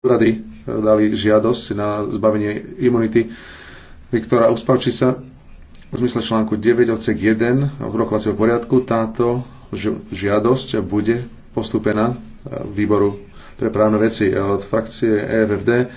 úrady e, dali žiadosť na zbavenie imunity Viktora Uspavčisa v zmysle článku 9 odsek 1 rokovacieho poriadku. Táto žiadosť bude postúpená e, výboru pre právne veci e, od frakcie EFD.